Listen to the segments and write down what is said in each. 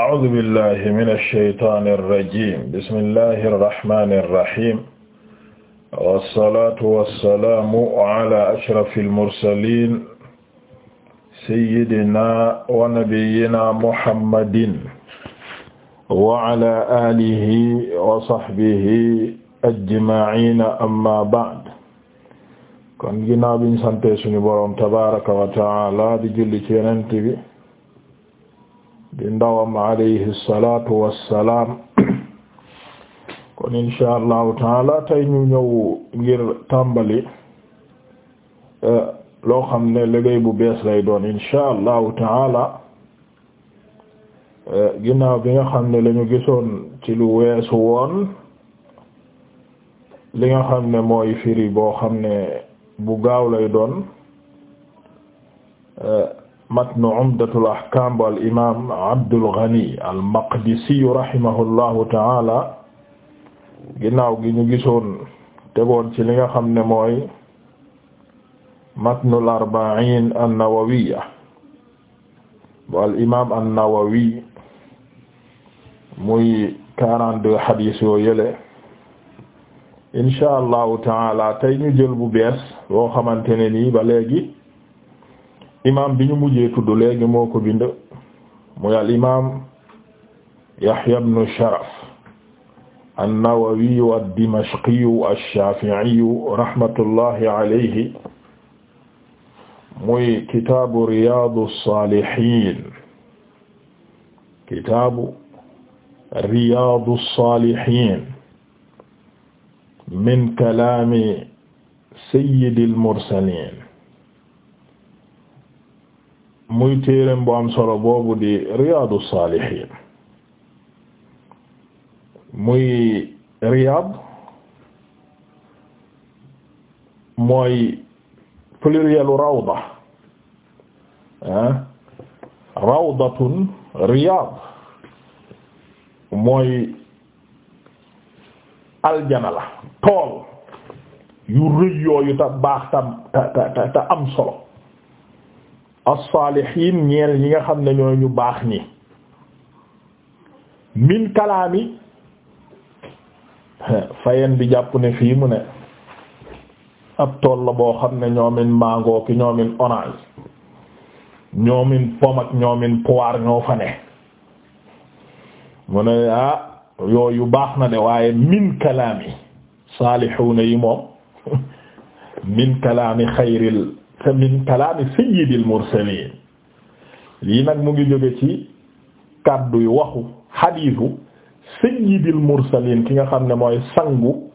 أعوذ بالله من الشيطان الرجيم بسم الله الرحمن الرحيم والصلاة والسلام على أشرف المرسلين سيدنا ونبينا محمد وعلى آله وصحبه أجمعين أما بعد kon ginnaaw bi ñu sant sunu Boroom tabaaraka wa ta'aala di julli ci Yonent bi di ndawam alayhi salatu salaam kon insha allahu taala tey ñu ñëw ngir tàmbali e, loo xam ne liggéey bu bees lay doon insha allahu taala e, ginnaaw bi nga xam ne lañu gisoon ci lu weesu woon li nga xam ne mooy firi boo xam ne bu gaaw lay doon e, matnu Umdatul Ahkaam bu al Abdul Ghani al Maqdisi rahimahullahu ta'ala ginnaaw gi ñu gisoon tegoon ci li nga xam ne mooy matnul arba'iin an-Nawawiyya bu al nawawi muy 42 xadiis yoo yële insha allahu ta'ala tey ñu jël bu bees boo xamante ne nii ba léegi. imam bi ñu mujjee tudd léegi moo ko bind muy al imam Yahya ibn Sharaf an-Nawawi ad-Dimashqi ash-Shafi'i rahmatullahi alayhi muy kitaabu Riyadu Salihin kitaabu Riyadu Salihin min kalami sayyidil mursalin muy téereem bu am solo boobu di Riyadu Salihin muy Riyad mooy pluriel rawda ah rawdatun mooy aljana la tool yu rëy yooyu ta baax ta ta ta ta am solo as-saalihiin ñeel ñi nga xam ne ñoo ñu baax ñi min kalaami fayen bi jàpp ne fii mu ne ab tool la boo xam ne ñoomin mango ki ñoomin orange ñoomin pomme ñoomin poire ñoo fa ne mu ne ah yooyu baax na de waaye min kalaami saalihuuna yi moom min kalaami xayril min kalaami sayyidil mursaliin lii nag mu ngi jóge ci kàddu yu waxu xadiisu sayyidil mursaliin ki nga xam ne mooy sangu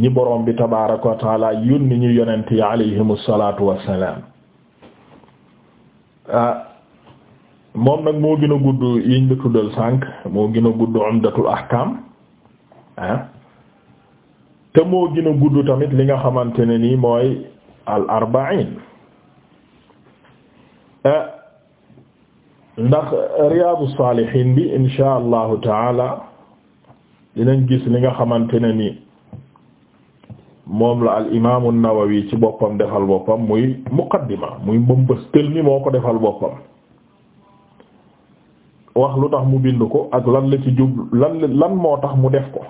ñi borom bi tabaaraka wa taala yónni ñu yonent yi alayhimu salaatu wa ah, moom nag moo gën a gudd yiñ la tuddal sànq moo gën a gudd umdatul ah, moo gën a gudd tamit li nga xamante ne nii mooy al arba'in Eh, ndax riyaadu saalihiin bi insha allahu taala dinañ gis li nga xamante ne ni moom la al imaamu an-Nawawi ci boppam defal boppam muy muqaddima muy mbëmbëstal mi moo ko defal boppam wax lu tax mu bind ko ak lan la ci jub lan lan moo tax mu def ko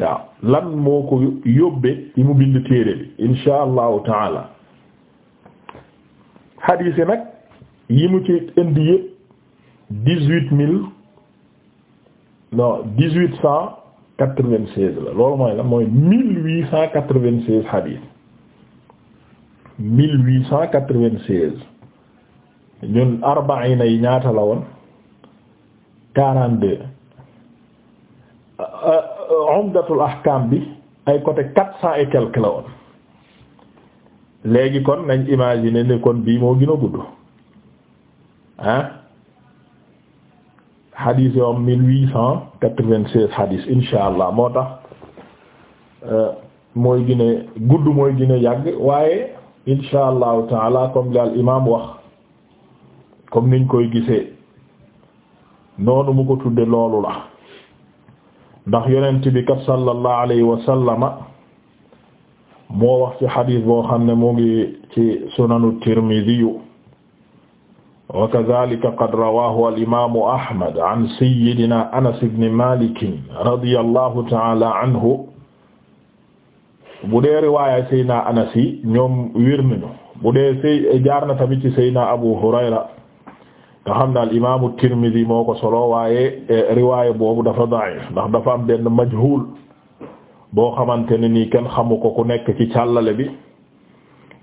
waaw lan moo ko yóbbee ci mu bind téere bi insha allahu taala xadiis yi nag yi mu ci indi yëpp dix-huit mille non dix-huit cent quatre-vingt-seize la loolu mooy la mooy mille huit cent quatre-vingt-seize xadiis mille huit cent quatre-vingt-seize ñun arbaina yi ñaata la woon quarante-deux euh, euh, umdatul ahkam bi ay côté quatre cent et la woon léegi kon nañ imaginer ni kon bii moo gën a gudd ah hadith yoo am mille huit cent quatre-vingt-seize hadith insha allah moo tax euh, mooy gën gudd mooy gën yàgg waaye insha allahu taala comme li al imam wax comme niñ koy gisee noonu mu ko tudde loolu la ndax yonent bi kat sallallahu alayhi wa sallama moo wax ci xadis boo xam ne mu ngi ci sunanu tirmidiyu wa kazaalika qad rawaahu al imaamu ahmad an sayyidina anas ibn malik radiyallahu ta'ala anhu bu dee riwaayay sayyidina anas yi ñoom wér nañu bu dee say jaar na tamit ci sayyidina abu hurayra nga xam ne al imaamu tirmidi moo ko solo waaye eh, riwaaya boobu dafa da'if ndax dafa am benn majhul boo xamante ne nii kenn xamu ko ku nekk ci càllale bi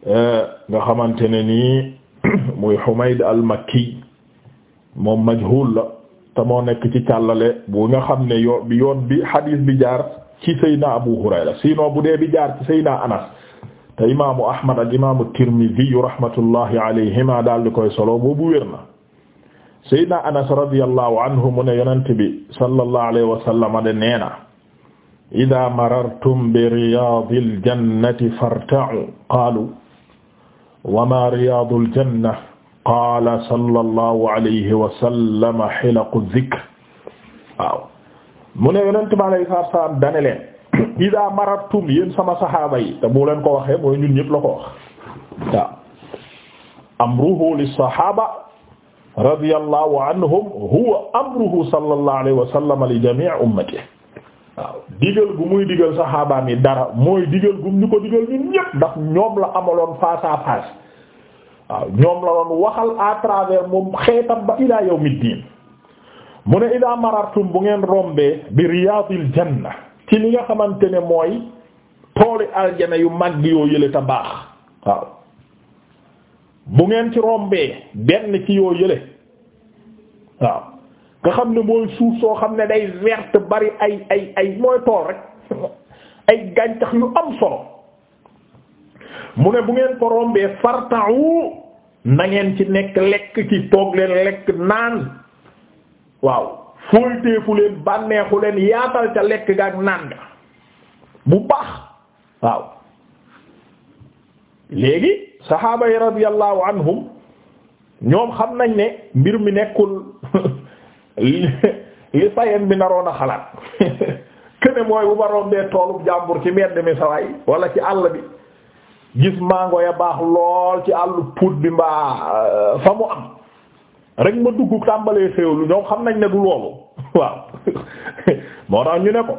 eh, nga xamante ne nii muy Humayd al-Makki moom majhul la te moo nekk ci càllale bu nga xam ne yoon bi yoon bi hadith bi jaar ci Seydina Abu Hurayra sinon bu dee bi jaar ci Seydina Anas te imaamu Ahmad ak imaamu Tirmidhi rahmatullahi alayhima daal di koy solo boobu wér na Seydina Anas radiyallahu anhu mu ne yonent bi sallallahu alayhi wa de neena ida marartum bi riyaadi aljannati farta'u qaalu wa maa riyaadu aljanna qaala sallallahu alayhi wa sallam xilaqu zikr waaw mu ne yonent bi alayhi salaatu wa salaam dane leen ida marartum yéen sama saxaaba yi te bu leen ko waxee mooy ñun ñëpp la ko wax waaw amruhu lissaxaaba radiyallahu anhum huwa amruhu sallallahu alayhi wa sallam li jamii ummatihi waaw digal gu muy digal saxaabaam yi dara mooy digal gu ñu ko digal ñun ñépp ndax ñoom la amaloon face à face waaw ñoom la doon waxal à moom xeetam ba ilaa yawmiddin mu ne ida marartum bu ngeen rombee bi riyaadil janna ci li nga xamante ne mooy tooli aljana yu màgg yoo yële ta baax waaw bu ngeen ci rombee benn ci yoo yële waaw nga xam ne mooy suuf soo xam ne day wert bari ay ay ay mooy tool rek ay gàncax yu am solo mu ne bu ngeen ko rombee farta'u na ngeen ci nekk lekk ci toog leen lekk naan waaw fóoyteefu leen bànneexu leen yaatal ca lekk ga ak naan ga bu baax waaw léegi saxaaba yi radiyallahu anhum ñoom xam nañ ne mbir mi nekkul li sayeen bi naroon a xalaat kene mooy bu ma rombee toolub jàmbur ci mbedd mi sawaay wala ci àll bi gis màngo ya baax lool ci àll puut bi mbaa euh, fa mu am rek ma dugg tàmbalee xéewlu ñoom xam nañ ne du loolu waaw moo tax ñu ne ko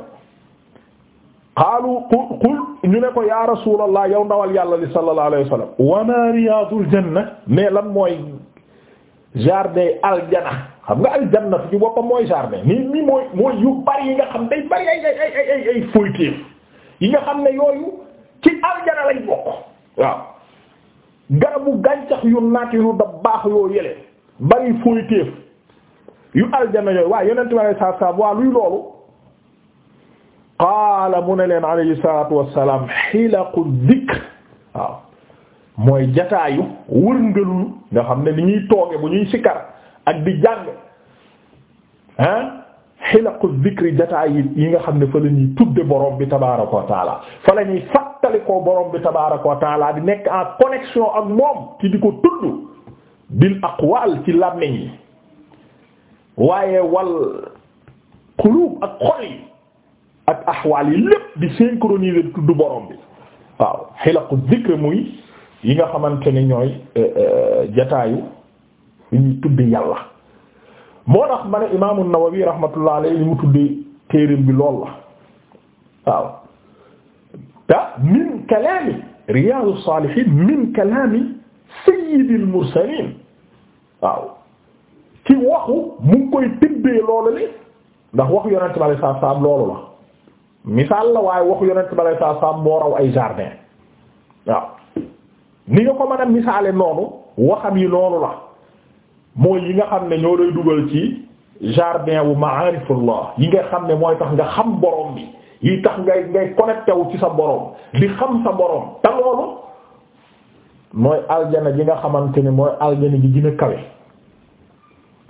xaalu qul qul ñu ne ko ya rasulallah yow ndawal yàlla li sallallahu alayhi wasallam wa ma janna mais lan mooy jardin aljana xam nga aljanna ci boppam mooy jardin nii nii mooy mooy yu bari yi nga xam day bari ay ay ay ay ay yi nga xam ne yooyu ci aljana lay bokk waaw garabu gàncax yu naat yu da baax yoo yële bari foytéef yu aljana yooyu waaw yonent bi alayhi salaatu waa luy loolu qaala mu ne leen alayhi salaatu wassalaam xilaqu dhikr waaw mooy jataayu wërngalul nga xam ne li ñuy tooge bu ñuy sikkar ak di jàng ah xilaqu zikri jataay yi nga xam ne fa la ñuy tudde borom bi tabaaraka wa taala fa la ñuy fàttalikoo borom bi tabaaraka wa di nekk en connexion ak moom ci di ko tudd bil aqwal ci làmmiñ yi waaye wal qulub ak xol yi ak axwaal yi lépp di synchroniser tudd borom bi waaw xilaqu zikri muy yi nga xamante ni ñooy euh, euh, jataayu yu ñuy tudd yàlla moo tax ma ne imaamu Nawawi rahmatullah alayhi li mu tuddee téereem bi lool la waaw te min kalaami riyaadu saalihiin min kalaami sayyidil mursaliin waaw ci waxu mu koy tibbee loolu li ndax waxu yonent bi alayhi salaatu salaam loolu la misaal la waaye waxu yonent bi alayhi salaatu salaam moo raw ay jardin waaw ni nga ko mën a misaale noonu waxam yi loolu la mooy yi nga xam ne ñoo lay dugal ci jardin wu ma'arifullah yi nga xam ne mooy tax nga xam borom bi yi tax ngay ngay connecté ci sa borom di xam sa borom te loolu mooy aljana ji nga xamante ne mooy aljana ji gën a kawe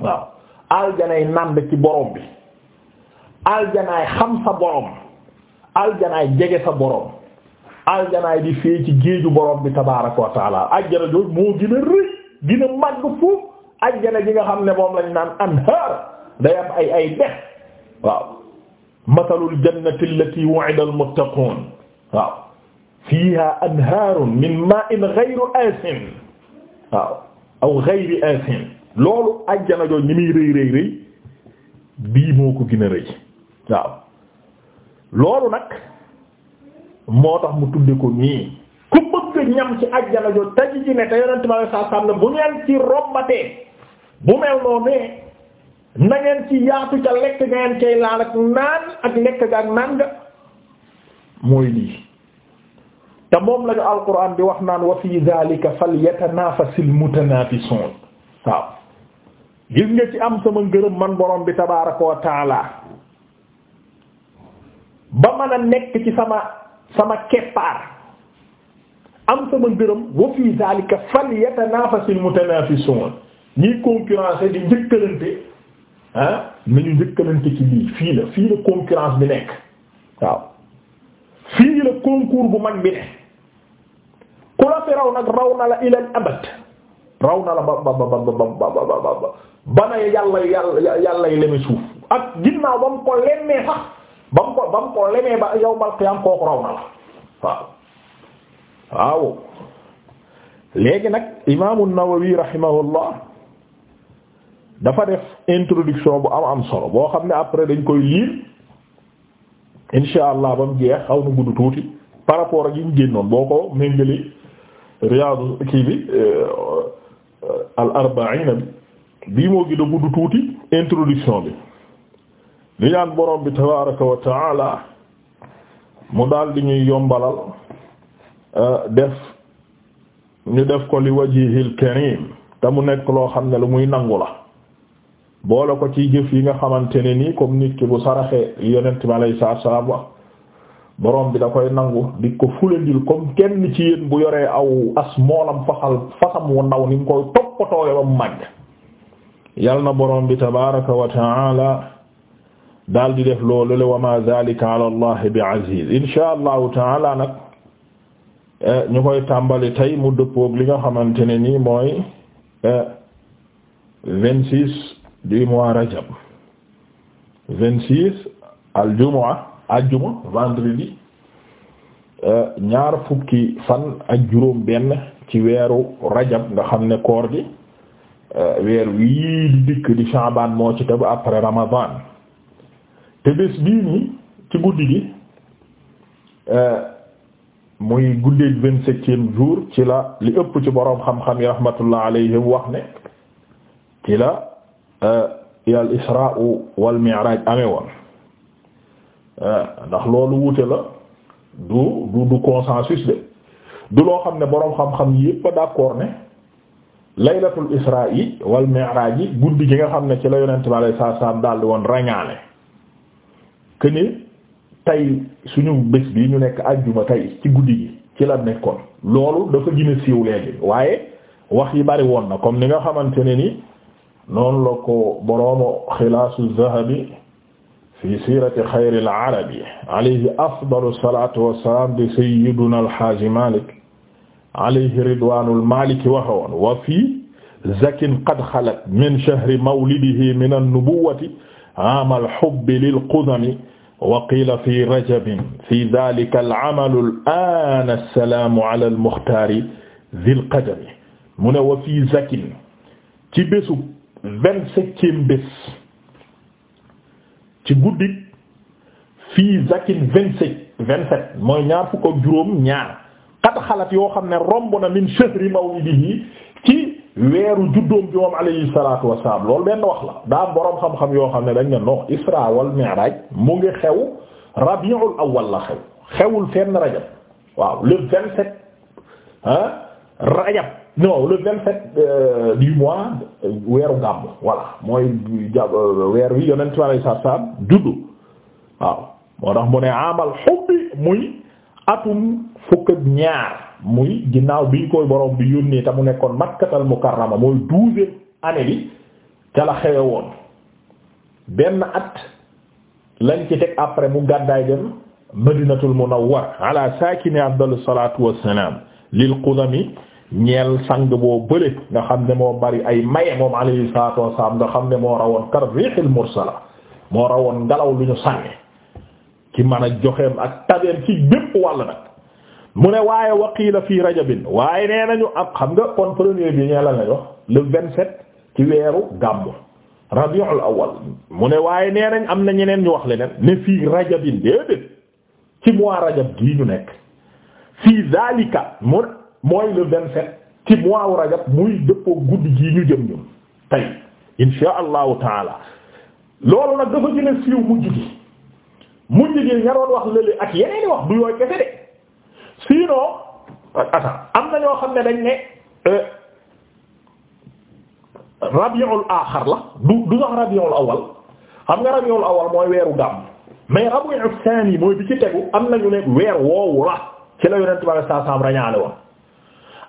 waaw aljanaay nànd ci borom bi aljanaay xam sa borom aljanaay jege sa borom aljanaay di fee ci géeju borom bi tabaaraka wa taala ajjana jooju moo gën a rëy gën a nga xam ne moom lañ naan anhaar day am ay ay dex waaw masalul jannati allati wu'ida fiiha anhaarun min maa'in ghayri aasin waaw aw ghayri aasin loolu ajjana jooju ni muy rëy rëy rëy bii moo loolu nag moo tax mu tudde ko nii ku bëgg ñam ci ajjana joo taji ji ne te yonent ma saa saam ne bu ngeen ci rombatee bu mel noonu ne na ci yaatu ca lekk nga ngeen cay laal ak naan ak lekk ga ak naan nga mooy lii te moom lañu alquran bi wax naan wa fi dhalika falyatanafasil mutanafisun waaw gis nga ci am sama ngërëm man borom bi tabaaraka wa ba mën a nekk ci sama sama keppaar am sama ngërëm wa fii daalika falyatanafasil mutanafisun ñiy concurrence di njëkkalante ah nañu njëkkalante ci lii fii la fii la concurrence bi nekk waaw fii la concours bu mag bi ne ku la fi raw nag raw na la ilal abad raw na la ba ba ba ba ba ba bana yàlla yàlla yàlla yi leme suuf ak ginnaaw ba mu ko lemmee sax ba mu ko ba mu ko lemee ba yow mal xiyaam kooku raw na la waaw waaw léegi nag imaamu Nawawi rahimahullah dafa def introduction bu am am solo boo xam ne après dañ koy liir insha allah ba mu jeex xaw na gudd tuuti par rapport ak yi ñu génnoon boo ko méngali Riyadu kii bi euh, euh, al arba'in bi bii moo gën gudd tuuti introduction bi li ñaan borom bi tabaraka wa taala mu daal di ñuy yombalal euh, def ñu def ko li wajihil karim te mu nekk loo xam ne lu muy nangu la boole ko ci jëf yi nga xamante ne nii comme nit ki bu saraxee yonent bi alayhi salaatu salaam borom bi da koy nangu di ko fulandil comme kenn ci yéen bu yoree aw as moolam faxal fasam wu ndaw ni mu koy toppatoowe ba mu màgg yal na borom bi tabaraka wa taala daal di def loolu la wa ma zalika ala bi aziz insha allahu taala nag e, ñu koy tàmbali tey mu dëppoog li nga xamante ne ni mooy e, vingt six du mois rajab vingt six aljuma ajjuma vendredi e, ñaar fukki fan ak juróom ci weeru rajab nga xam ne koor gi weer wii di dikk di moo ci tegu après ramadan te bés bii nii ci guddi gi euh, muy guddeeg vingt-septième jour ci la li ëpp ci boroom xam-xam yi rahmatullah alayhim wax ne ci la euh, al isra wal mi'raj amee woon euh, ndax loolu wuute la du du du consensus de du loo xam ne boroom xam-xam yépp a d'accord ne laylatul isra yi wal mi'raj yi guddi gi nga xam ne ci la yonent bi alayhi salaam daal di woon ràññaale que ne tey suñu bés bi ñu nekk àjjuma tey ci guddi gi ci la nekkoon loolu dafa gën a siiw léegi waaye wax yi bari woon na comme ni nga xamante ne ni noonu la ko boroomu xilaasu zahabi fi siirati xayril arabi alayhi afdalu salaatu wassalaam di sayyiduna alxaaji malik alayhi ridwaanul maliki waxoon wa fii zakin qad xalat min shahri mawlidihi min an-nubuwwati amal hubbi lil qudami wa qiila fi rajabin fi daalika al amalu al aana assalaamu ala al muxtaari zil qadami mu ne wa fii zakin ci bésu vingt-septième bés ci guddi fii zakin vingt-sept vingt-sept mooy ñaar fukk ak juróom ñaar qad xalat yoo xam ne romb na min shahri mawlidihi weeru juddoom bi moom alayhi salaatu wassalaam benn wax la daa boroom xam-xam yoo xam ne dañ ne non isra wal mi'raj mu ngi xew rabiul awwal la xew xewul fenn rajab waaw le vingt sept rajab non le vingt sept euh, du mois euh, weeru gàmm voilà mooy ja euh, weer wi yonent bi alayhi salaatu wassalaam juddu waaw moo tax mu ne amal xubbi muy atum fukk ñaar muy ginnaaw bi koy borom bi yónnee te mu nekkoon makkatal mukarrama mooy douzième année bi ca la xewe woon benn at lañ ci teg après mu gàddaay dem madinatul munawwar ala saakini afdalu salaatu wassalaam lil qudami ñeel sang boo bële nga xam ne moo bari ay maye moom alayhi salaatu wassalaam nga xam ne moo rawoon kar riixil mursala moo rawoon ngelaw lu ñu sànni ci mën a joxeem ak tabeem ci bépp wàll nag mu ne waaye waqiila fii rajabin waaye nee nañu ab xam nga kon premier bi ñee la lay wax le vingt-sept ci weeru gàmmu rabiul awal mu ne waaye nee nañ am na ñeneen ñu wax leneen ne fii rajabin déedéet ci mois rajab gii ñu nekk fii zalika mu mooy le vingt-sept ci mois wu rajab muy dëppoo guddi gii ñu jëm ñun tey insha allahu taala loolu nag dafa gën a siiw mujj gi mujj gi ñaroon wax lële ak yeneen wax du yooy kese de sinon attends am na ñoo xam ne dañ ne euh, rabiul aaxar la du du sax rabiul awal xam nga rabiul awal mooy weeru gàmm mais rabiul saani mooy bi am na ñu ne weer woowu la ci la yonent bi saa saam rañaale woon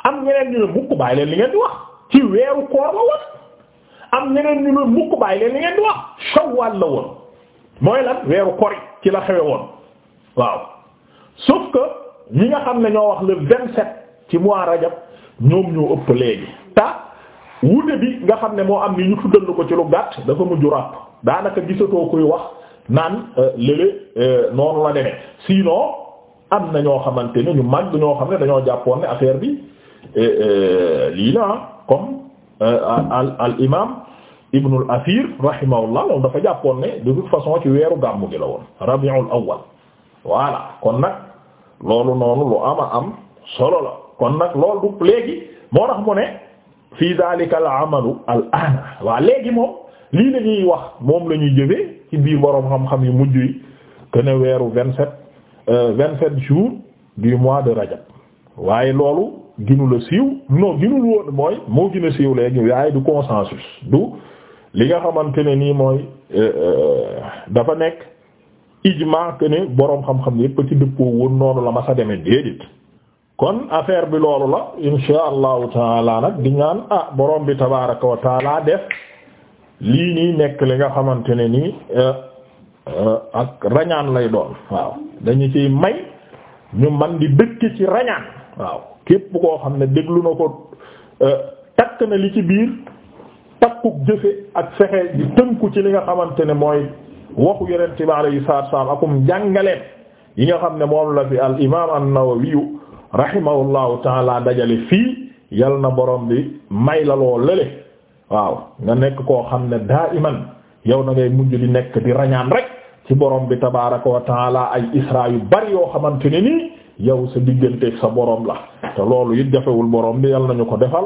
am ñeneen ñu mukk bàyyi leen li ngeen di wax ci weeru koor woon am ñeneen ñu ne mukk bàyyi leen li ngeen di wax shawwal la woon mooy lan weeru kori ci la xewe woon waaw sauf que ñi nga xam ne ñoo wax le vingt ci mois rajab ñoom ñoo ëpp léegi ta wute bi nga xam ne moo am ni ñu tuddal ko ci lu gàtt dafa mujj ràpp daanaka gisatoo koy wax naan euh, lële euh, noonu la demee sinon am na ñoo xamante ne ñu mag ñoo xam ne dañoo jàppoon ne affaire bi euh, lii la comme al al imaam Ibnul Asir rahimahullah moom dafa jàppoon ne de toute façon ci weeru gàmmu gi la woon rabiul awwal voilà kon nag. loolu noonu lu ama am solo la kon nag lool du léegi moo tax mu ne fii daalika al amalu al waa léegi moom lii lañuy wax moom la ñuy jëfee ci biir boroom xam-xam yu mujj yi que ne weeru vingt sept euh, vingt sept jours du mois de rajab waaye loolu ginu la siiw non ginul woon mooy moo gën a siiw léegi waaye du consensus du li nga xamante ne nii mooy euh, euh, dafa nekk ijmaa que ne boroom xam-xam yépp ci dëppoo woon noonu la ma sa demee déedéet kon affaire bi loolu la insha allahu taala nag di ñaan a ah, boroom bi tabaaraka wa def lii nii nekk li nga xamante ne nii euh, euh, ak rañaan lay doon waaw dañu ciy may ñu man di dëkk ci rañaan waaw képp koo xam ne déglu na ko euh, takk na li ci biir takkuk jëfe ak fexe di tënku ci li nga xamante ne mooy waxu yonent bi alayhi salaatu wa salaam akum jàngaleem yi nga xam ne moom la fi al imaam an-Nawawi rahimahullahu taala dajale fii yal na borom bi may la loo lële waaw nga nekk koo xam ne daa iman yow na ngay mujj di nekk di rañaan rek ci borom bi tabaaraka wa taala ay isra yu bari yoo xamante ne nii yow sa diggante sa borom la te loolu it jafewul borom bi yal nañu ko defal.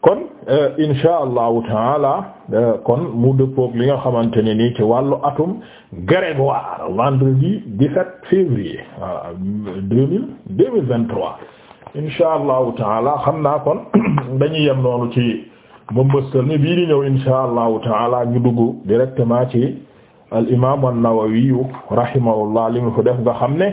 kon euh, insha allahu taala euh, kon mu dëppook li nga xamante ne nii ci wàllu atum grégoire vendredi 17 février ah 2000 allahu taala xam naa kon dañuy yem noonu ci mbëmbëstal mi bii di ñëw insha allahu taala ñu dugg directement ci al imam an-Nawawi rahimahullah li mu fa def nga xam ne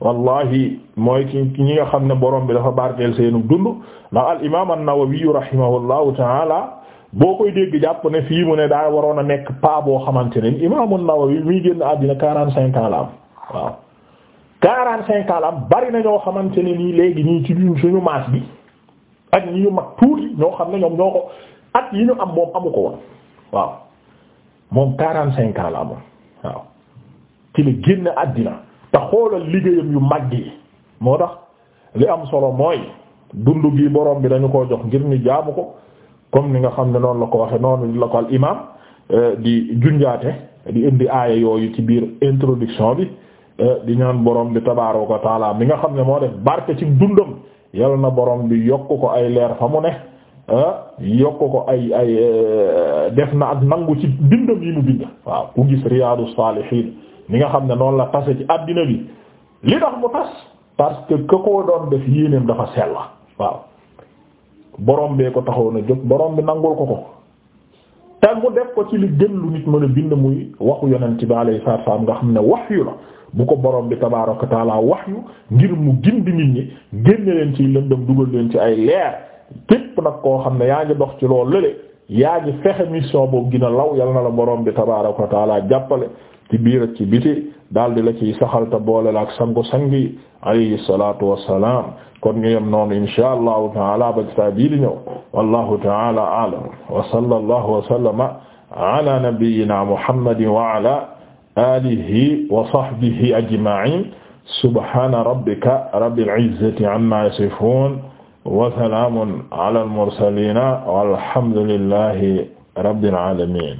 wallahi mooy ki ñi nga xam ne borom bi dafa barkeel seenu dund ndax al imaam an-Nawawi rahimahullahu taala boo koy dégg jàpp ne fii mu ne daa waroon a nekk pa boo xamante ne imaam an-Nawawi muy génn àddina quarante cinq ans la waaw quarante cinq ans bari na ñoo xamante ne nii léegi ñii ci bi ak ñi ñu mag ne ñoom ñoo yi ñu am ko woon waaw moom quarante cinq ans waaw ci génn àddina te xoolal liggéeyam yu mag yi moo tax li am solo mooy dund gi borom bi dañu ko jox ngir ni jaamu ko comme ni nga xam ne noonu la ko waxe noonu la ko al imaam euh, di junjaate di indi aaya yooyu ci biir introduction bi euh, di ñaan borom bi tabaaraka wa taala mi nga xam ne moo def barke ci dundam yal na boroom bi yokk ko ay leer fa mu ne euh, yokk ko ay ay def na ak nangu ci bindam yi mu bind waaw ku gis Riyadus Salihin li nga xam ne noonu la tase ci àddina bi li tax mu tas parce que ka koo doon def yéeneem dafa sell waaw borom bee ko taxaw na jóg borom bi nangul ko ko te mu def ko ci li gën lu nit mën bind muy waxu yonent bi alayhi salaam nga xam ne wahyu la bu ko borom bi tabaaraka taala wahyu ngir mu gindi nit ñi génne leen ci lëndëm dugal leen ci ay leer képp nag koo xam ne yaa ngi dox ci loolu lële yaa ngi fexe mission boobu gën a law yal na la borom bi tabaaraka wa taala jàppale ci biir ak ci biti daal di la ciy saxal te boole la ak sangu sangi alayhi salaatu wa salaam kon ñu yem noonu inshaa allahu taala ba saa bii di ñëw wallahu taala a'lam wa sallallahu wa sallama ala nabiyyina muhammadin wa ala alihi wa sahbihi ajma'in subhana rabbika rabbil izzati amma yasifun wa salaamun alal mursaliina walhamdu lillahi rabbil aalamiin